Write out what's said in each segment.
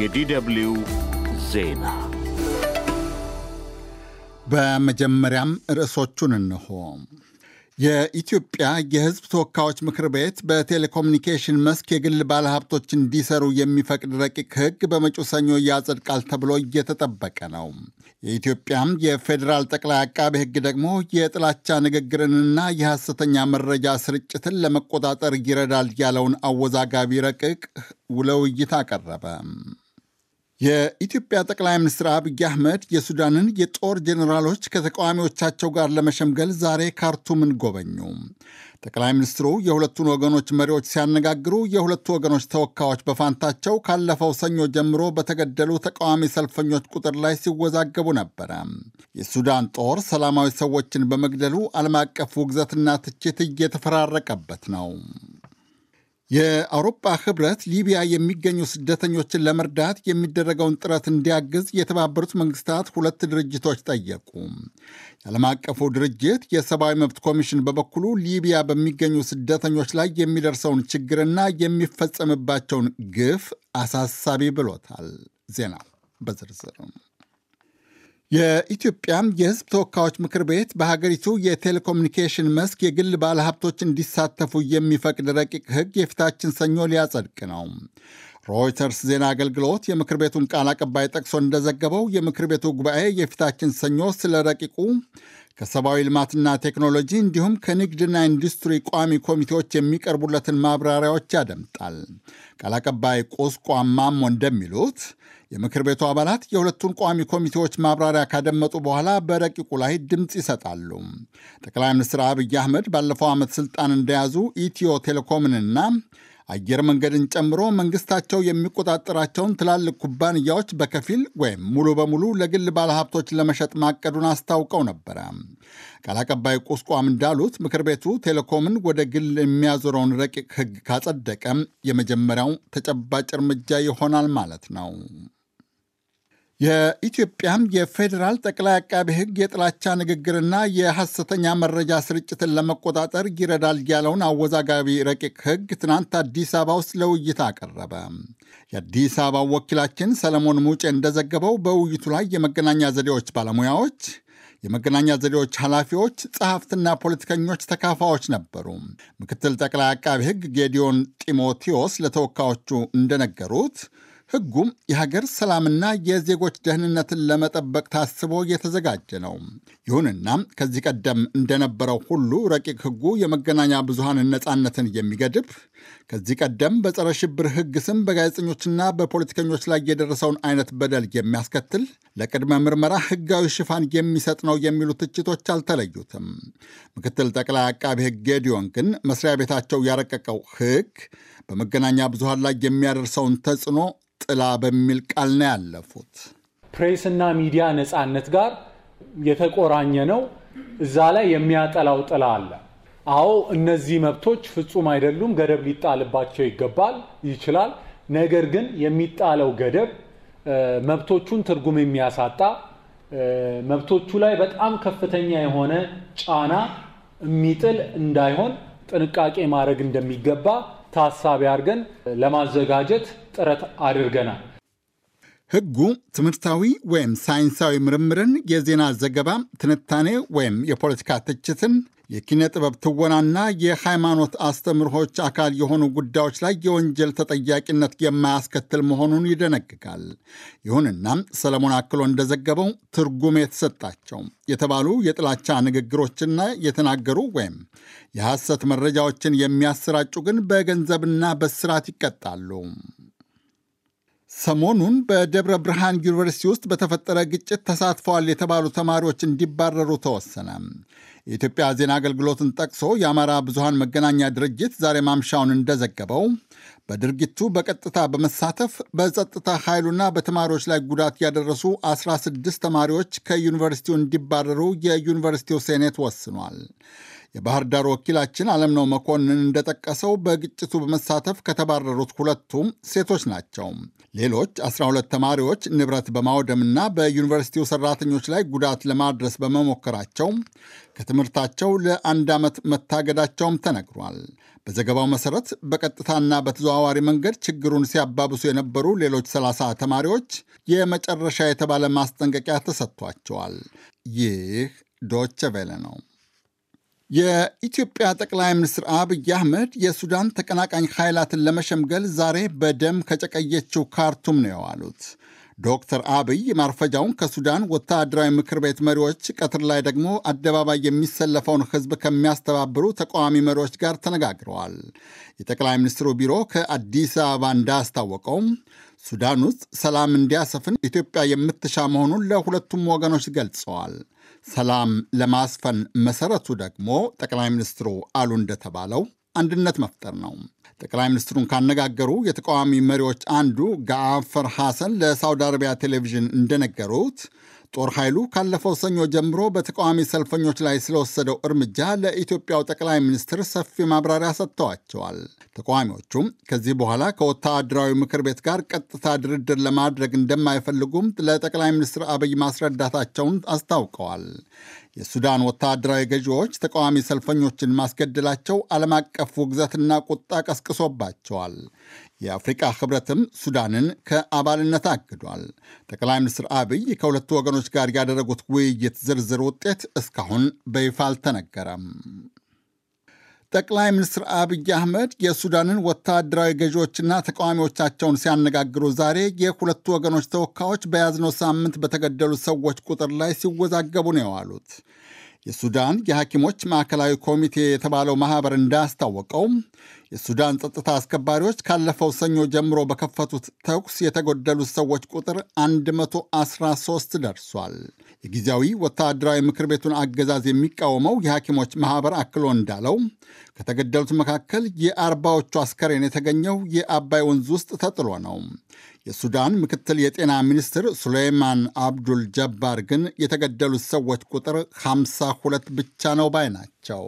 የዲደብልዩ ዜና በመጀመሪያም ርዕሶቹን እንሆ። የኢትዮጵያ የሕዝብ ተወካዮች ምክር ቤት በቴሌኮሙኒኬሽን መስክ የግል ባለሀብቶች እንዲሰሩ የሚፈቅድ ረቂቅ ሕግ በመጪው ሰኞ ያጸድቃል ተብሎ እየተጠበቀ ነው። የኢትዮጵያም የፌዴራል ጠቅላይ አቃቤ ሕግ ደግሞ የጥላቻ ንግግርንና የሐሰተኛ መረጃ ስርጭትን ለመቆጣጠር ይረዳል ያለውን አወዛጋቢ ረቂቅ ለውይይት አቀረበ። የኢትዮጵያ ጠቅላይ ሚኒስትር አብይ አህመድ የሱዳንን የጦር ጄኔራሎች ከተቃዋሚዎቻቸው ጋር ለመሸምገል ዛሬ ካርቱምን ጎበኙ። ጠቅላይ ሚኒስትሩ የሁለቱን ወገኖች መሪዎች ሲያነጋግሩ የሁለቱ ወገኖች ተወካዮች በፋንታቸው ካለፈው ሰኞ ጀምሮ በተገደሉ ተቃዋሚ ሰልፈኞች ቁጥር ላይ ሲወዛገቡ ነበረ። የሱዳን ጦር ሰላማዊ ሰዎችን በመግደሉ ዓለም አቀፍ ውግዘትና ትችት እየተፈራረቀበት ነው። የአውሮፓ ህብረት ሊቢያ የሚገኙ ስደተኞችን ለመርዳት የሚደረገውን ጥረት እንዲያግዝ የተባበሩት መንግስታት ሁለት ድርጅቶች ጠየቁ። የዓለም አቀፉ ድርጅት የሰብአዊ መብት ኮሚሽን በበኩሉ ሊቢያ በሚገኙ ስደተኞች ላይ የሚደርሰውን ችግርና የሚፈጸምባቸውን ግፍ አሳሳቢ ብሎታል። ዜና በዝርዝር የኢትዮጵያ የሕዝብ ተወካዮች ምክር ቤት በሀገሪቱ የቴሌኮሙኒኬሽን መስክ የግል ባለሀብቶች እንዲሳተፉ የሚፈቅድ ረቂቅ ሕግ የፊታችን ሰኞ ሊያጸድቅ ነው። ሮይተርስ ዜና አገልግሎት የምክር ቤቱን ቃል አቀባይ ጠቅሶ እንደዘገበው የምክር ቤቱ ጉባኤ የፊታችን ሰኞ ስለ ረቂቁ ከሰብአዊ ልማትና ቴክኖሎጂ እንዲሁም ከንግድና ኢንዱስትሪ ቋሚ ኮሚቴዎች የሚቀርቡለትን ማብራሪያዎች ያደምጣል። ቃል አቀባይ ቁስቋም ማሞ እንደሚሉት የምክር ቤቱ አባላት የሁለቱን ቋሚ ኮሚቴዎች ማብራሪያ ካደመጡ በኋላ በረቂቁ ላይ ድምፅ ይሰጣሉ። ጠቅላይ ሚኒስትር አብይ አህመድ ባለፈው ዓመት ስልጣን እንደያዙ ኢትዮ ቴሌኮምንና አየር መንገድን ጨምሮ መንግስታቸው የሚቆጣጠራቸውን ትላልቅ ኩባንያዎች በከፊል ወይም ሙሉ በሙሉ ለግል ባለሀብቶች ለመሸጥ ማቀዱን አስታውቀው ነበረ። ቃል አቀባይ ቁስቋም እንዳሉት ምክር ቤቱ ቴሌኮምን ወደ ግል የሚያዞረውን ረቂቅ ሕግ ካጸደቀ የመጀመሪያው ተጨባጭ እርምጃ ይሆናል ማለት ነው። የኢትዮጵያም የፌዴራል ጠቅላይ አቃቤ ሕግ የጥላቻ ንግግርና የሐሰተኛ መረጃ ስርጭትን ለመቆጣጠር ይረዳል ያለውን አወዛጋቢ ረቂቅ ሕግ ትናንት አዲስ አበባ ውስጥ ለውይይት አቀረበ። የአዲስ አበባ ወኪላችን ሰለሞን ሙጬ እንደዘገበው በውይይቱ ላይ የመገናኛ ዘዴዎች ባለሙያዎች የመገናኛ ዘዴዎች ኃላፊዎች፣ ጸሐፍትና ፖለቲከኞች ተካፋዮች ነበሩ። ምክትል ጠቅላይ አቃቢ ሕግ ጌዲዮን ጢሞቴዎስ ለተወካዮቹ እንደነገሩት ሕጉም የሀገር ሰላምና የዜጎች ደህንነትን ለመጠበቅ ታስቦ የተዘጋጀ ነው። ይሁንና ከዚህ ቀደም እንደነበረው ሁሉ ረቂቅ ሕጉ የመገናኛ ብዙሃንን ነፃነትን የሚገድብ ከዚህ ቀደም በጸረ ሽብር ሕግ ስም በጋዜጠኞችና በፖለቲከኞች ላይ የደረሰውን አይነት በደል የሚያስከትል ለቅድመ ምርመራ ሕጋዊ ሽፋን የሚሰጥ ነው የሚሉ ትችቶች አልተለዩትም። ምክትል ጠቅላይ አቃቤ ሕግ ጌዲዮን ግን መስሪያ ቤታቸው ያረቀቀው ሕግ በመገናኛ ብዙሃን ላይ የሚያደርሰውን ተጽዕኖ ጥላ በሚል ቃል ነው ያለፉት። ፕሬስና ሚዲያ ነፃነት ጋር የተቆራኘ ነው። እዛ ላይ የሚያጠላው ጥላ አለ። አዎ እነዚህ መብቶች ፍጹም አይደሉም፣ ገደብ ሊጣልባቸው ይገባል ይችላል። ነገር ግን የሚጣለው ገደብ መብቶቹን ትርጉም የሚያሳጣ መብቶቹ ላይ በጣም ከፍተኛ የሆነ ጫና የሚጥል እንዳይሆን ጥንቃቄ ማድረግ እንደሚገባ ታሳቢ አድርገን ለማዘጋጀት ጥረት አድርገናል። ሕጉ ትምህርታዊ ወይም ሳይንሳዊ ምርምርን፣ የዜና ዘገባ ትንታኔ ወይም የፖለቲካ ትችትን የኪነ ጥበብ ትወናና የሃይማኖት አስተምህሮች አካል የሆኑ ጉዳዮች ላይ የወንጀል ተጠያቂነት የማያስከትል መሆኑን ይደነግጋል። ይሁንና ሰለሞን አክሎ እንደዘገበው ትርጉም የተሰጣቸው የተባሉ የጥላቻ ንግግሮችና የተናገሩ ወይም የሐሰት መረጃዎችን የሚያሰራጩ ግን በገንዘብና በስራት ይቀጣሉ። ሰሞኑን በደብረ ብርሃን ዩኒቨርሲቲ ውስጥ በተፈጠረ ግጭት ተሳትፈዋል የተባሉ ተማሪዎች እንዲባረሩ ተወሰነ። የኢትዮጵያ ዜና አገልግሎትን ጠቅሶ የአማራ ብዙሃን መገናኛ ድርጅት ዛሬ ማምሻውን እንደዘገበው በድርጊቱ በቀጥታ በመሳተፍ በጸጥታ ኃይሉና በተማሪዎች ላይ ጉዳት ያደረሱ 16 ተማሪዎች ከዩኒቨርሲቲው እንዲባረሩ የዩኒቨርሲቲው ሴኔት ወስኗል። የባህር ዳር ወኪላችን አለምነው መኮንን እንደጠቀሰው በግጭቱ በመሳተፍ ከተባረሩት ሁለቱም ሴቶች ናቸው። ሌሎች 12 ተማሪዎች ንብረት በማውደምና በዩኒቨርሲቲው ሰራተኞች ላይ ጉዳት ለማድረስ በመሞከራቸው ከትምህርታቸው ለአንድ ዓመት መታገዳቸውም ተነግሯል። በዘገባው መሰረት በቀጥታና በተዘዋዋሪ መንገድ ችግሩን ሲያባብሱ የነበሩ ሌሎች 30 ተማሪዎች የመጨረሻ የተባለ ማስጠንቀቂያ ተሰጥቷቸዋል። ይህ ዶቸ ቬለ ነው። የኢትዮጵያ ጠቅላይ ሚኒስትር አብይ አህመድ የሱዳን ተቀናቃኝ ኃይላትን ለመሸምገል ዛሬ በደም ከጨቀየችው ካርቱም ነው የዋሉት። ዶክተር አብይ ማርፈጃውን ከሱዳን ወታደራዊ ምክር ቤት መሪዎች፣ ቀትር ላይ ደግሞ አደባባይ የሚሰለፈውን ሕዝብ ከሚያስተባብሩ ተቃዋሚ መሪዎች ጋር ተነጋግረዋል። የጠቅላይ ሚኒስትሩ ቢሮ ከአዲስ አበባ እንዳስታወቀው ሱዳን ውስጥ ሰላም እንዲያሰፍን ኢትዮጵያ የምትሻ መሆኑን ለሁለቱም ወገኖች ገልጸዋል። ሰላም ለማስፈን መሰረቱ ደግሞ ጠቅላይ ሚኒስትሩ አሉ እንደተባለው አንድነት መፍጠር ነው። ጠቅላይ ሚኒስትሩን ካነጋገሩ የተቃዋሚ መሪዎች አንዱ ጋአፈር ሐሰን ለሳውዲ አረቢያ ቴሌቪዥን እንደነገሩት ጦር ኃይሉ ካለፈው ሰኞ ጀምሮ በተቃዋሚ ሰልፈኞች ላይ ስለወሰደው እርምጃ ለኢትዮጵያው ጠቅላይ ሚኒስትር ሰፊ ማብራሪያ ሰጥተዋቸዋል። ተቃዋሚዎቹም ከዚህ በኋላ ከወታደራዊ ምክር ቤት ጋር ቀጥታ ድርድር ለማድረግ እንደማይፈልጉም ለጠቅላይ ሚኒስትር አብይ ማስረዳታቸውን አስታውቀዋል። የሱዳን ወታደራዊ ገዢዎች ተቃዋሚ ሰልፈኞችን ማስገደላቸው ዓለም አቀፍ ውግዘትና ቁጣ ቀስቅሶባቸዋል። የአፍሪቃ ህብረትም ሱዳንን ከአባልነት አግዷል። ጠቅላይ ሚኒስትር አብይ ከሁለቱ ወገኖች ጋር ያደረጉት ውይይት ዝርዝር ውጤት እስካሁን በይፋ አልተነገረም። ጠቅላይ ሚኒስትር አብይ አህመድ የሱዳንን ወታደራዊ ገዢዎችና ተቃዋሚዎቻቸውን ሲያነጋግሩ ዛሬ የሁለቱ ወገኖች ተወካዮች በያዝነው ሳምንት በተገደሉ ሰዎች ቁጥር ላይ ሲወዛገቡ ነው የዋሉት። የሱዳን የሐኪሞች ማዕከላዊ ኮሚቴ የተባለው ማኅበር እንዳስታወቀው የሱዳን ጸጥታ አስከባሪዎች ካለፈው ሰኞ ጀምሮ በከፈቱት ተኩስ የተጎደሉት ሰዎች ቁጥር 113 ደርሷል። የጊዜያዊ ወታደራዊ ምክር ቤቱን አገዛዝ የሚቃወመው የሐኪሞች ማኅበር አክሎ እንዳለው ከተገደሉት መካከል የአርባዎቹ አስከሬን የተገኘው የአባይ ወንዝ ውስጥ ተጥሎ ነው። የሱዳን ምክትል የጤና ሚኒስትር ሱሌይማን አብዱል ጀባር ግን የተገደሉት ሰዎች ቁጥር 52 ብቻ ነው ባይ ናቸው።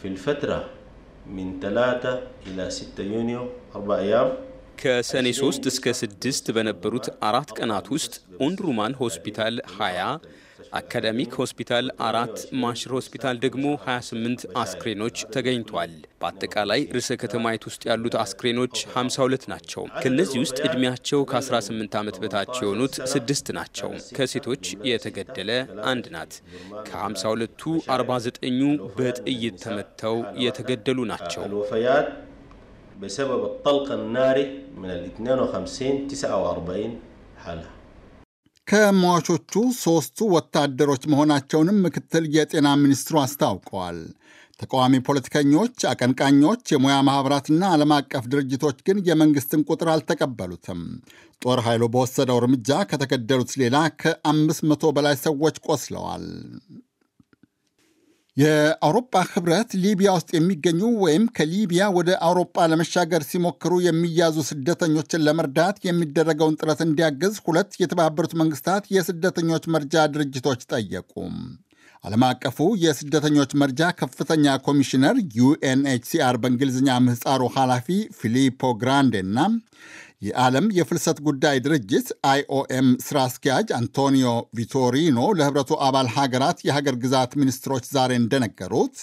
ፊልፈትራ ሚን ተላተ ኢላ ሲተ ዩኒዮ አርባ አያም ከሰኔ 3 እስከ 6 በነበሩት አራት ቀናት ውስጥ ኦንድሩማን ሆስፒታል 20፣ አካዳሚክ ሆስፒታል አራት፣ ማሽር ሆስፒታል ደግሞ 28 አስክሬኖች ተገኝቷል። በአጠቃላይ ርዕሰ ከተማይት ውስጥ ያሉት አስክሬኖች 52 ናቸው። ከእነዚህ ውስጥ እድሜያቸው ከ18 ዓመት በታች የሆኑት ስድስት ናቸው። ከሴቶች የተገደለ አንድ ናት። ከ52ቱ 49ኙ በጥይት ተመተው የተገደሉ ናቸው። بسبب الطلق الناري من ال 52 49 حالة ከሟቾቹ ሦስቱ ወታደሮች መሆናቸውንም ምክትል የጤና ሚኒስትሩ አስታውቀዋል። ተቃዋሚ ፖለቲከኞች፣ አቀንቃኞች፣ የሙያ ማኅበራትና ዓለም አቀፍ ድርጅቶች ግን የመንግሥትን ቁጥር አልተቀበሉትም። ጦር ኃይሉ በወሰደው እርምጃ ከተገደሉት ሌላ ከአምስት መቶ በላይ ሰዎች ቆስለዋል። የአውሮፓ ህብረት ሊቢያ ውስጥ የሚገኙ ወይም ከሊቢያ ወደ አውሮፓ ለመሻገር ሲሞክሩ የሚያዙ ስደተኞችን ለመርዳት የሚደረገውን ጥረት እንዲያግዝ ሁለት የተባበሩት መንግስታት የስደተኞች መርጃ ድርጅቶች ጠየቁ። ዓለም አቀፉ የስደተኞች መርጃ ከፍተኛ ኮሚሽነር ዩኤንኤችሲአር በእንግሊዝኛ ምህፃሩ ኃላፊ ፊሊፖ ግራንዴ እና የዓለም የፍልሰት ጉዳይ ድርጅት አይኦኤም ስራ አስኪያጅ አንቶኒዮ ቪቶሪኖ ለህብረቱ አባል ሀገራት የሀገር ግዛት ሚኒስትሮች ዛሬ እንደነገሩት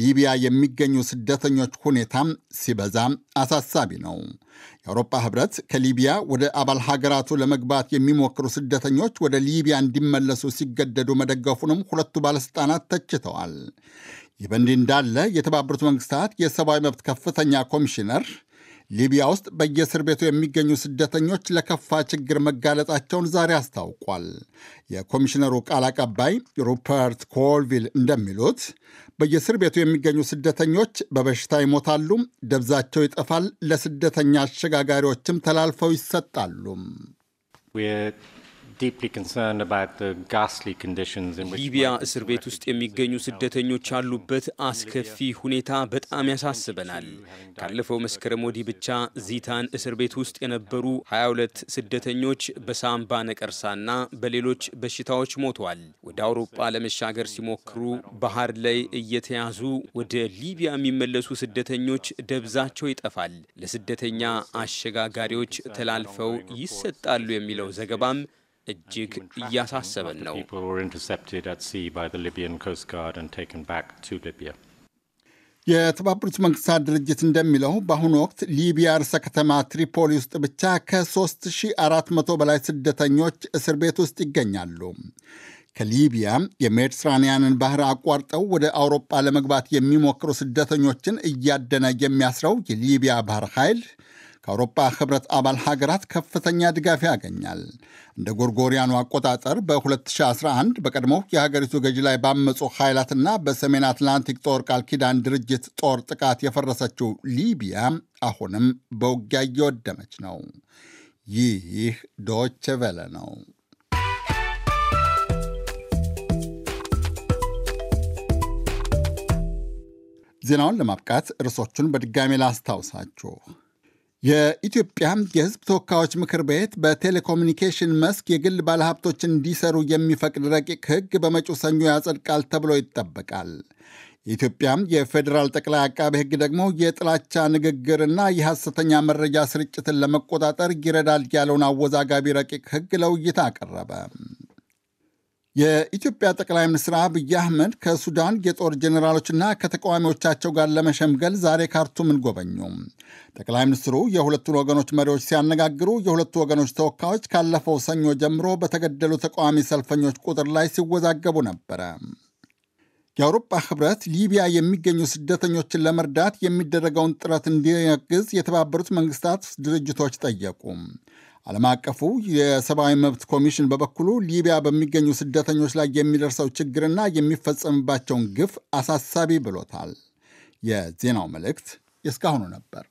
ሊቢያ የሚገኙ ስደተኞች ሁኔታም ሲበዛ አሳሳቢ ነው። የአውሮፓ ህብረት ከሊቢያ ወደ አባል ሀገራቱ ለመግባት የሚሞክሩ ስደተኞች ወደ ሊቢያ እንዲመለሱ ሲገደዱ መደገፉንም ሁለቱ ባለሥልጣናት ተችተዋል። ይህ በእንዲህ እንዳለ የተባበሩት መንግስታት የሰብአዊ መብት ከፍተኛ ኮሚሽነር ሊቢያ ውስጥ በየእስር ቤቱ የሚገኙ ስደተኞች ለከፋ ችግር መጋለጣቸውን ዛሬ አስታውቋል። የኮሚሽነሩ ቃል አቀባይ ሩፐርት ኮልቪል እንደሚሉት በየእስር ቤቱ የሚገኙ ስደተኞች በበሽታ ይሞታሉ፣ ደብዛቸው ይጠፋል፣ ለስደተኛ አሸጋጋሪዎችም ተላልፈው ይሰጣሉ። ሊቢያ እስር ቤት ውስጥ የሚገኙ ስደተኞች ያሉበት አስከፊ ሁኔታ በጣም ያሳስበናል። ካለፈው መስከረም ወዲህ ብቻ ዚታን እስር ቤት ውስጥ የነበሩ 22 ስደተኞች በሳምባ ነቀርሳና በሌሎች በሽታዎች ሞተዋል። ወደ አውሮጳ ለመሻገር ሲሞክሩ ባህር ላይ እየተያዙ ወደ ሊቢያ የሚመለሱ ስደተኞች ደብዛቸው ይጠፋል። ለስደተኛ አሸጋጋሪዎች ተላልፈው ይሰጣሉ የሚለው ዘገባም እጅግ እያሳሰበን ነው። የተባበሩት መንግስታት ድርጅት እንደሚለው በአሁኑ ወቅት ሊቢያ ርዕሰ ከተማ ትሪፖሊ ውስጥ ብቻ ከ3400 በላይ ስደተኞች እስር ቤት ውስጥ ይገኛሉ። ከሊቢያ የሜዲትራንያንን ባህር አቋርጠው ወደ አውሮጳ ለመግባት የሚሞክሩ ስደተኞችን እያደነ የሚያስረው የሊቢያ ባህር ኃይል ከአውሮፓ ህብረት አባል ሀገራት ከፍተኛ ድጋፍ ያገኛል። እንደ ጎርጎሪያኑ አቆጣጠር በ2011 በቀድሞው የሀገሪቱ ገዢ ላይ ባመፁ ኃይላትና በሰሜን አትላንቲክ ጦር ቃል ኪዳን ድርጅት ጦር ጥቃት የፈረሰችው ሊቢያ አሁንም በውጊያ እየወደመች ነው። ይህ ዶች ቬለ ነው። ዜናውን ለማብቃት ርዕሶቹን በድጋሜ ላስታውሳችሁ። የኢትዮጵያ የሕዝብ ተወካዮች ምክር ቤት በቴሌኮሙኒኬሽን መስክ የግል ባለሀብቶች እንዲሰሩ የሚፈቅድ ረቂቅ ሕግ በመጪው ሰኞ ያጸድቃል ተብሎ ይጠበቃል። የኢትዮጵያም የፌዴራል ጠቅላይ አቃቤ ሕግ ደግሞ የጥላቻ ንግግርና የሐሰተኛ መረጃ ስርጭትን ለመቆጣጠር ይረዳል ያለውን አወዛጋቢ ረቂቅ ሕግ ለውይታ አቀረበ። የኢትዮጵያ ጠቅላይ ሚኒስትር አብይ አህመድ ከሱዳን የጦር ጀኔራሎችና ከተቃዋሚዎቻቸው ጋር ለመሸምገል ዛሬ ካርቱምን ጎበኙ። ጠቅላይ ሚኒስትሩ የሁለቱን ወገኖች መሪዎች ሲያነጋግሩ የሁለቱ ወገኖች ተወካዮች ካለፈው ሰኞ ጀምሮ በተገደሉ ተቃዋሚ ሰልፈኞች ቁጥር ላይ ሲወዛገቡ ነበረ። የአውሮፓ ህብረት ሊቢያ የሚገኙ ስደተኞችን ለመርዳት የሚደረገውን ጥረት እንዲያግዝ የተባበሩት መንግስታት ድርጅቶች ጠየቁ። ዓለም አቀፉ የሰብአዊ መብት ኮሚሽን በበኩሉ ሊቢያ በሚገኙ ስደተኞች ላይ የሚደርሰው ችግርና የሚፈጸምባቸውን ግፍ አሳሳቢ ብሎታል። የዜናው መልእክት የእስካሁኑ ነበር።